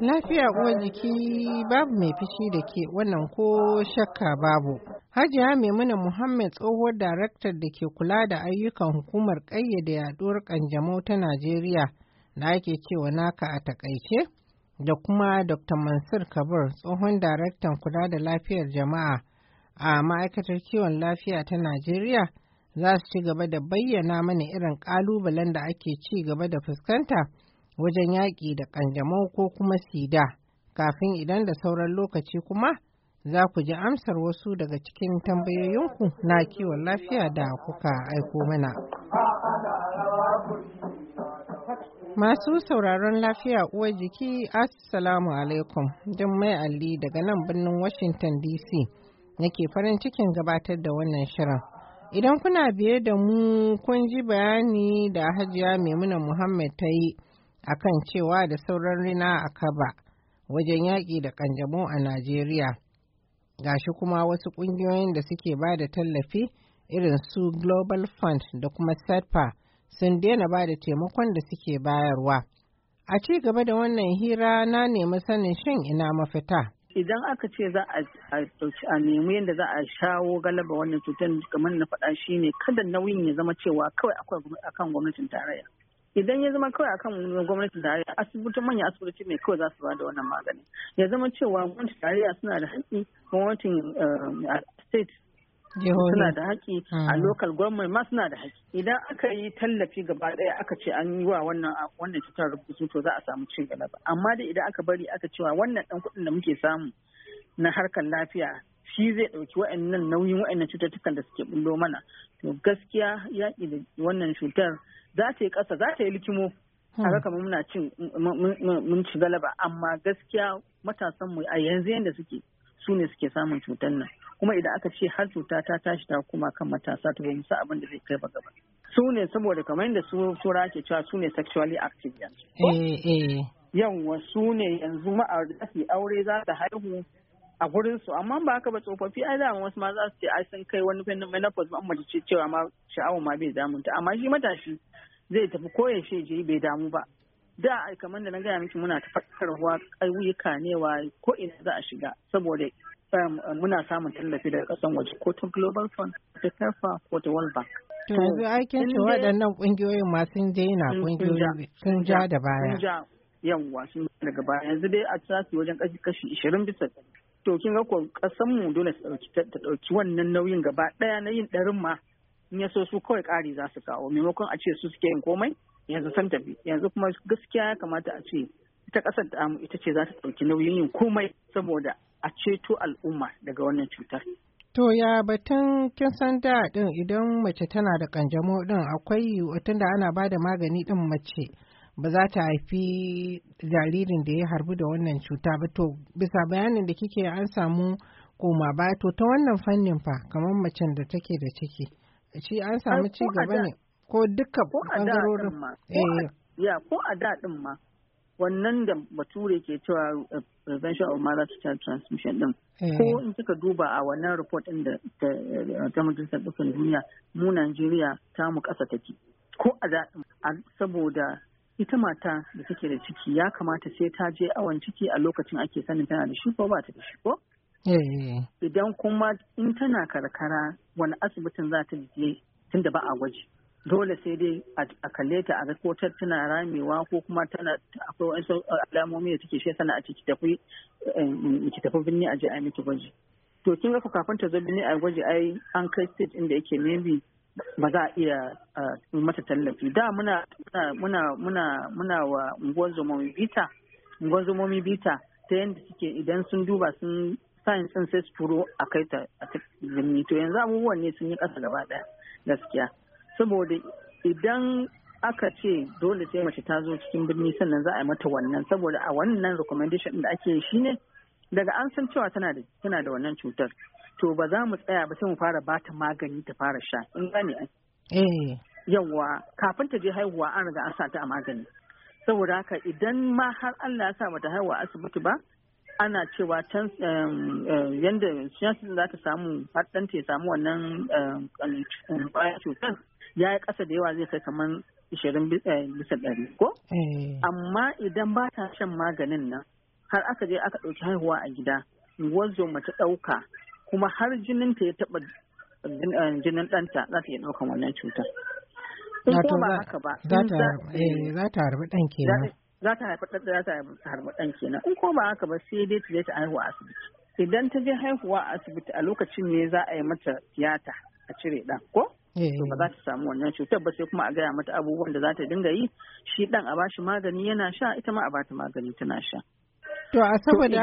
Lafiya uwar jiki babu mai fishi da ke wannan ko shakka babu. Hajiya Maimuna Muhammad tsohuwar daraktar da ke kula da ayyukan hukumar ƙayyade yaduwar ƙanjamau ta Najeriya da ake cewa naka a takaice da kuma Dr. Mansur Kabir tsohon daraktan kula da lafiyar jama'a a ma'aikatar kiwon lafiya ta Najeriya za su ci gaba da bayyana mana irin ƙalubalen da ake ci gaba da fuskanta wajen yaƙi da ƙanjamau ko kuma sida kafin idan da sauran lokaci kuma za ku ji amsar wasu daga cikin tambayoyinku na kiwon lafiya da kuka aiko mana. Masu sauraron lafiya uwar jiki, Assalamu alaikum, don mai alli daga nan birnin Washington DC, nake farin cikin gabatar da wannan shirin. Idan kuna biye da mu kun ji bayani da hajiya Maimuna Muhammad ta yi a kan cewa da sauran rina a kaba wajen yaƙi da ƙanjamau a Najeriya. Gashi kuma wasu ƙungiyoyin da suke ba da tallafi irin su Global Fund da kuma SETFA sun daina ba da taimakon da suke bayarwa. A ci gaba da wannan hira na nemi sanin shan ina mafita. idan aka ce za a nemi yadda za a shawo galaba wannan cutar kamar na faɗa shi ne kada nauyin ya zama cewa kawai akwai akan gwamnatin tarayya idan ya zama kawai akan gwamnatin tarayya asibitin manyan asibiti mai kawai za su ba da wannan magani ya zama cewa gwamnatin tarayya suna da haƙƙi gwamnatin eh, state suna da haƙƙi a hmm. lokal government ma suna da haƙƙi idan aka yi tallafi gaba ɗaya aka ce an yi wa wannan wannan cutar rubutu to za a samu cin gaba amma dai idan aka bari aka cewa wannan dan kuɗin da muke samu na harkar lafiya shi zai ɗauki wa'annan nauyin wa'annan cututtukan da suke bullo mana to gaskiya yaƙi da wannan cutar za ta yi ƙasa za ta yi likimo hmm. haka kamar muna cin mun ci galaba amma gaskiya matasanmu a yanzu yadda suke su ne suke samun cutar nan kuma idan aka ce har cuta ta tashi ta kuma kan matasa ta ba mu sa abin da zai kai ba gaba su ne saboda kamar yadda su tura ke cewa su ne sexually active yanzu eh, eh. yawwa su ne yanzu ma'aurati aure za ta haihu a gurin su amma ba haka ba tsofaffi ai dama wasu ma za su ce ai sun kai wani fannin menopause ba amma ce cewa ma sha'awar ma bai ta. amma shi matashi zai tafi koyaushe je bai damu ba da ai kamar da na gaya miki muna ta fakarwa ne wa ko ina za a shiga saboda Eh, muna samun tallafi daga kasan waje ko ta global fund ta tafa ko ta world bank to yanzu aikin ce waɗannan ƙungiyoyin ma sun ƙungiyoyi sun ja da baya yawwa sun daga baya yanzu dai a tsaki wajen kashi kashi ishirin bisa to kin ga kasan mu dole ta ɗauki wannan nauyin gaba ɗaya na yin ɗarin ma in ya so su kawai ƙari za su kawo maimakon a ce su suke yin komai yanzu san tafi yanzu kuma gaskiya ya kamata a ce ita ƙasar ta ita ce za ta ɗauki nauyin yin komai saboda a ceto al'umma daga wannan cutar. To ya batun kin san da din idan mace tana da kanjamau din akwai da ana ba da magani din mace ba za ta haifi jaririn da ya harbu da wannan cuta ba to bisa bayanin da kike an samu koma ba to ta wannan fannin fa kamar macen da take da ciki shi an samu ci gaba ne ko duka bangarorin eh. ya ko a da din ma wannan da bature ke cewa prevention eh, of malaria transmission din eh. ko in kika duba a wannan report din da ta majalisar dukkan duniya mu Najeriya ta mu kasa take ko a saboda ita mata da take da ciki ya kamata sai ta je awon ciki a lokacin ake sanin tana da shi ko ba ta da shi ko eh. idan kuma in tana karkara wani asibitin za ta je tunda ba a gwaji dole sai dai a kalle ta a ko tana ramewa ko kuma tana akwai wasu alamomi da take shi sana a ciki tafi ki tafi eh, binni a je a miki gwaji to kin ga kafin ta zo binni a gwaji ai an kai state inda yake maybe ba za a iya mata tallafi da muna muna muna muna wa unguwar zomomi bita unguwar zomomi bita ta yadda suke idan sun duba sun sayin sun sai su turo a kai ta a to yanzu abubuwan ne sun yi kasa gaba ɗaya gaskiya saboda idan aka ce dole sai mace ta zo cikin birni sannan za a yi mata wannan saboda a wannan recommendation da ake shi ne daga an san cewa tana da tana da wannan cutar to ba za mu tsaya ba sai mu fara bata magani ta fara sha in gane eh yawa kafin ta je haihuwa an riga an sa ta a magani saboda haka idan ma har Allah ya sa mata haihuwa asibiti ba ana cewa can yanda chances za ta samu har ya samu wannan cutar ya yi ƙasa da yawa zai kai kamar ishirin eh, bisa ɗari ko? Eh. Amma idan ba ta shan maganin nan har aka je aka ɗauki haihuwa a gida wazo mace ɗauka kuma har jinin ta ya taɓa eh, jinin ɗanta za ta iya ɗaukan wannan cutar. In ko ba haka ba. Za ta harbi ɗan kenan. Za ta harbi ɗan kenan. In ko ba haka ba sai dai ta je ta haihuwa a asibiti. Idan ta je haihuwa a asibiti a lokacin ne za a yi mata tiyata a cire ɗan ko? Eh. to ba za ta samu wannan cutar ba sai kuma a gaya mata abubuwan da za ta dinga yi shi dan a bashi magani yana sha ita ma a bata magani tana sha to a saboda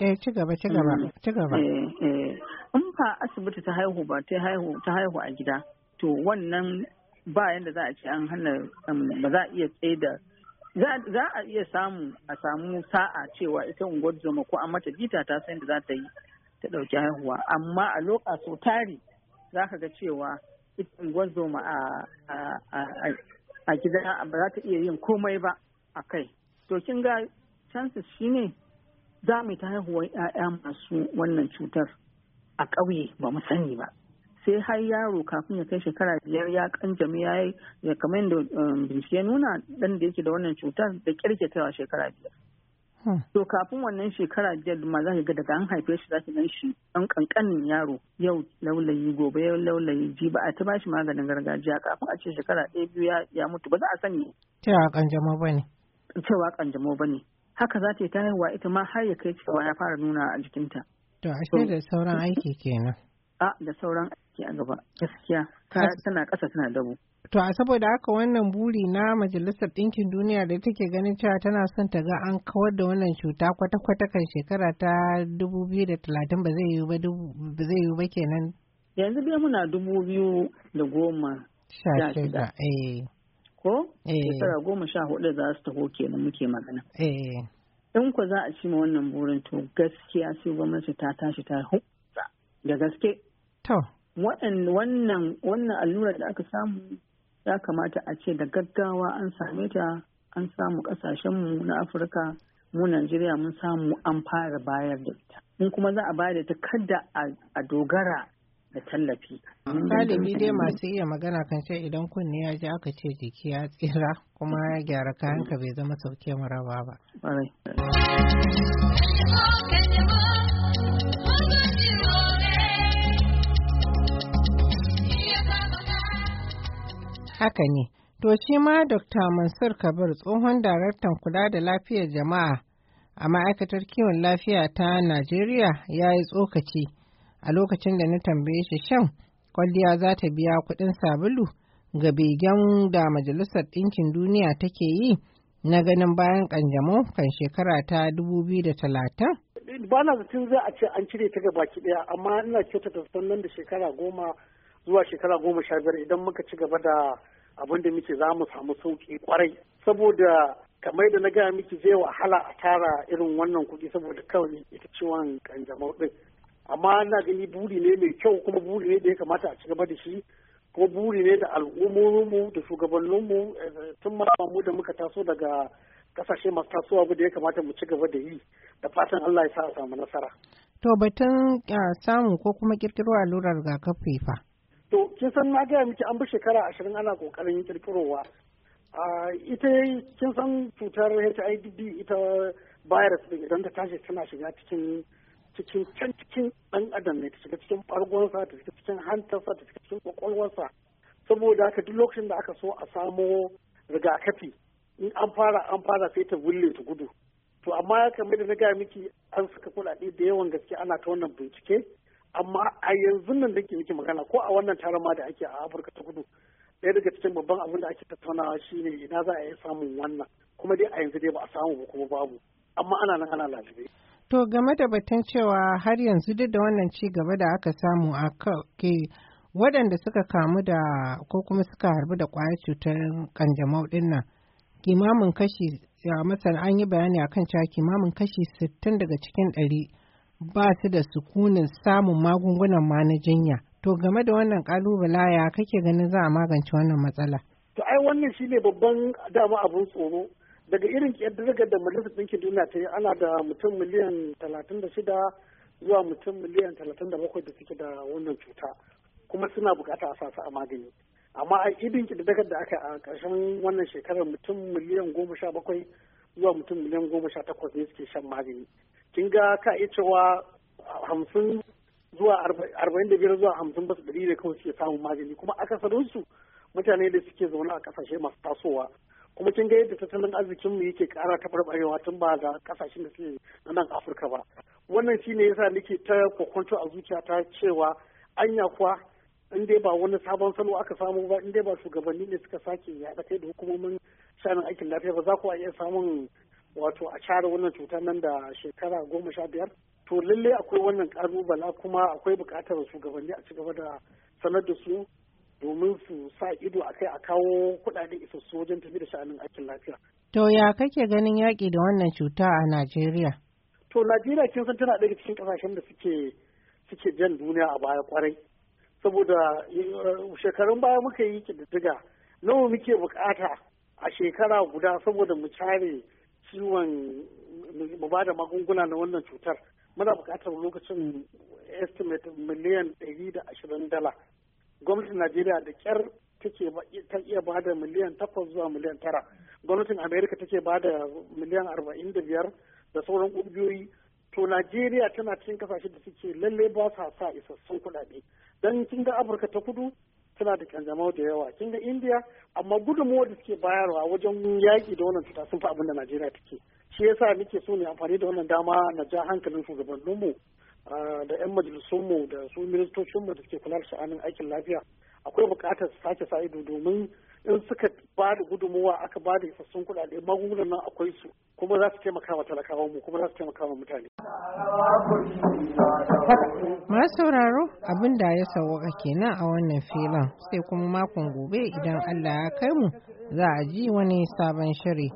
eh ci gaba ci gaba mm. ci gaba eh, eh in fa asibiti ta haihu ba ta haihu ta haihu a gida to wannan ba yanda za a ce an hana um, ba za a iya tsaida za a iya samu a samu sa'a cewa ita unguwar zoma ko an mata jita ta san da za ta yi ta ɗauki haihuwa amma a lokacin tari za ka ga cewa ma a gida ba za ta iya yin komai ba a kai to kin ga shi shine za mu ta haihuwar 'ya'ya masu wannan cutar a ƙauye ba mu sani ba sai har yaro kafin ya kai shekara biyar ya kanjami ya yi kamar yadda um, bincike nuna ɗan da yake da wannan cutar da kirkitawa shekara biyar To kafin wannan shekara biyar ma za ga daga an haife shi za ka gan shi ɗan ƙanƙanin yaro yau laulayi gobe yau laulayi ji ba a ta bashi maganin gargajiya kafin a ce shekara ɗaya biyu ya mutu ba za a sani. Cewa ƙanjamo ba ne. Cewa ƙanjamo ba ne. Haka za ta yi ta haihuwa ita ma har ya kai cewa ya fara nuna a jikinta. To a ce da sauran aiki kenan. A da sauran aiki a gaba gaskiya tana ƙasa tana dabo. To a saboda haka wannan buri na Majalisar Ɗinkin Duniya da take ganin cewa tana son ta ga an kawar da wannan cuta kwata-kwata kan shekara ta 2030 ba zai yiwu ba zai yiwu ba kenan. Yanzu dai muna dubu biyu da goma sha shida. Eh. Ko? Eh. Shekara goma sha hudu za su taho kenan muke magana. Eh. In ku za a ci ma wannan burin to gaskiya sai gwamnati ta tashi ta hutsa da gaske. To. Wannan allura da aka samu ya kamata a ce da gaggawa an same ta an samu kasashenmu na afirka mu najeriya mun samu an fara bayar da ita in kuma za a bayar da ta kada a dogara da tallafi. Galibi dai masu iya magana kan ce idan kunne ya ji aka ce jiki ya tsira kuma ya gyara kayanka bai zama sauke maraba ba. Haka ne, to shi ma Dr. Mansur Kabir tsohon daraktan kula da lafiyar jama'a a ma'aikatar kiwon lafiya ta Najeriya ya yi tsokaci a lokacin da na tambaye shi shan kwalliya za ta biya kuɗin sabulu ga begen da Majalisar Ɗinkin Duniya take yi na ganin bayan ƙanjamau kan shekara ta 2030. ba na zaton za a ce an cire ta gabaki ɗaya amma ina kyautata sannan da shekara goma zuwa shekara goma sha biyar idan muka ci gaba da abin da muke za mu samu sauƙi kwarai saboda kamar da na gaya miki zai wahala a tara irin wannan kuɗi saboda kawai ita ciwon kanjamau ɗin amma na gani buri ne mai kyau kuma buri ne da ya kamata a ci gaba da shi ko buri ne da al'ummominmu da shugabanninmu eh, tun mu da muka taso daga kasashe masu tasowa da ya kamata mu ci gaba da yi da fatan Allah ya sa a samu nasara. To batun eh, samu ko kuma kirkiro allurar rigakafi fa? kin san na gaya miki an bi shekara ashirin ana kokarin kirkirowa ita kin san cutar hiv ita virus din idan ta tashi tana shiga cikin cikin can cikin dan adam ne ta shiga cikin bargonsa ta shiga cikin hantarsa ta shiga cikin kwakwalwarsa saboda haka duk lokacin da aka so a samo rigakafi in an fara an fara sai ta wulle ta gudu to amma kamar da na gaya miki an suka kuɗaɗe da yawan gaske ana ta wannan bincike amma a yanzu nan da ke muke magana ko a wannan taron ma da ake a afirka ta kudu ɗaya daga cikin babban abin da ake tattaunawa shine ina za a yi samun wannan kuma dai a yanzu dai ba a samu ba kuma babu amma ana nan ana lafiya. to game da batun cewa har yanzu duk da wannan ci gaba da aka samu a ke waɗanda suka kamu da ko kuma suka harbi da ƙwayar cutar kanjamau ɗin nan kimamin kashi ya masana an yi bayani akan cewa kimamin kashi sittin daga cikin ɗari. ba su da sukunin samun magungunan ma na jinya. To game da wannan kalubala ya kake ganin za a magance wannan matsala? To ai wannan shi ne babban dama abin tsoro. Daga irin ƙirƙirar da Majalisar Ɗinkin Duniya ta yi ana da mutum miliyan talatin da shida zuwa mutum miliyan talatin da bakwai da suke da wannan cuta kuma suna bukata a sa su a magani. Amma a irin ƙirƙirar da aka a ƙarshen wannan shekarar mutum miliyan goma sha bakwai zuwa mutum miliyan goma sha takwas ne suke shan magani. kin ga ka iya cewa hamsin zuwa arba'in da biyar zuwa hamsin basu ɗari da kawai suke samun magani kuma su mutane da suke zaune a kasashe masu tasowa kuma kin ga yadda tattalin arzikin mu yake ƙara taɓarɓarewa tun ba da kasashen da suke na nan afirka ba wannan shine yasa nake ta kwakwanto a zuciya ta cewa anya kuwa in dai ba wani sabon salo aka samu ba in dai ba shugabanni ne suka sake yaɗa kai da hukumomin shanin aikin lafiya ba za ku iya samun wato a care wannan cutar nan da shekara goma sha biyar to lallai akwai wannan ƙalubala kuma akwai buƙatar shugabanni a ci gaba da sanar da su domin su sa ido a kai a kawo kuɗaɗe isassu wajen tafi da sha'anin aikin lafiya. To ya kake ganin yaƙi da wannan cuta a Najeriya? To Najeriya kin san tana ɗaya cikin ƙasashen da suke suke jan duniya a baya kwarai. Saboda eh, shekarun baya muka yi ƙididdiga nawa muke buƙata a shekara guda saboda mu care ciwon mu ba da magunguna na wannan cutar muna buƙatar lokacin estimate miliyan ɗari da ashirin dala gwamnatin najeriya da kyar take ta iya ba da miliyan takwas zuwa miliyan tara gwamnatin amerika take ba da miliyan arba'in da biyar da sauran ƙungiyoyi to najeriya tana cikin kasashe da suke lalle ba sa sa isassun kuɗaɗe don kin ga afirka ta kudu suna da kanjamau da yawa kin ga indiya amma gudunmuwa da suke bayarwa wajen yaƙi da wannan cuta sun fi abin da najeriya take shi yasa nake so ne amfani da wannan dama na ja hankalin shugabanninmu ah, da 'yan majalisunmu da su ministocinmu da suke kula da sha'anin aikin lafiya akwai buƙatar sake sa ido domin in suka ba da gudunmuwa aka ba da isassun kuɗaɗe magungunan nan akwai su kuma za su taimaka wa talakawan mu kuma za su taimaka wa mutane. Masu sauraro abin da ya sauwaka kenan a wannan filin sai kuma makon gobe idan Allah ya kai mu za a ji wani sabon shiri.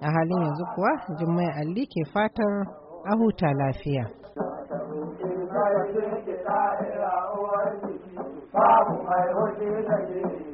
A halin yanzu kuwa Jummai Ali ke fatan a huta lafiya. Babu mai hoji da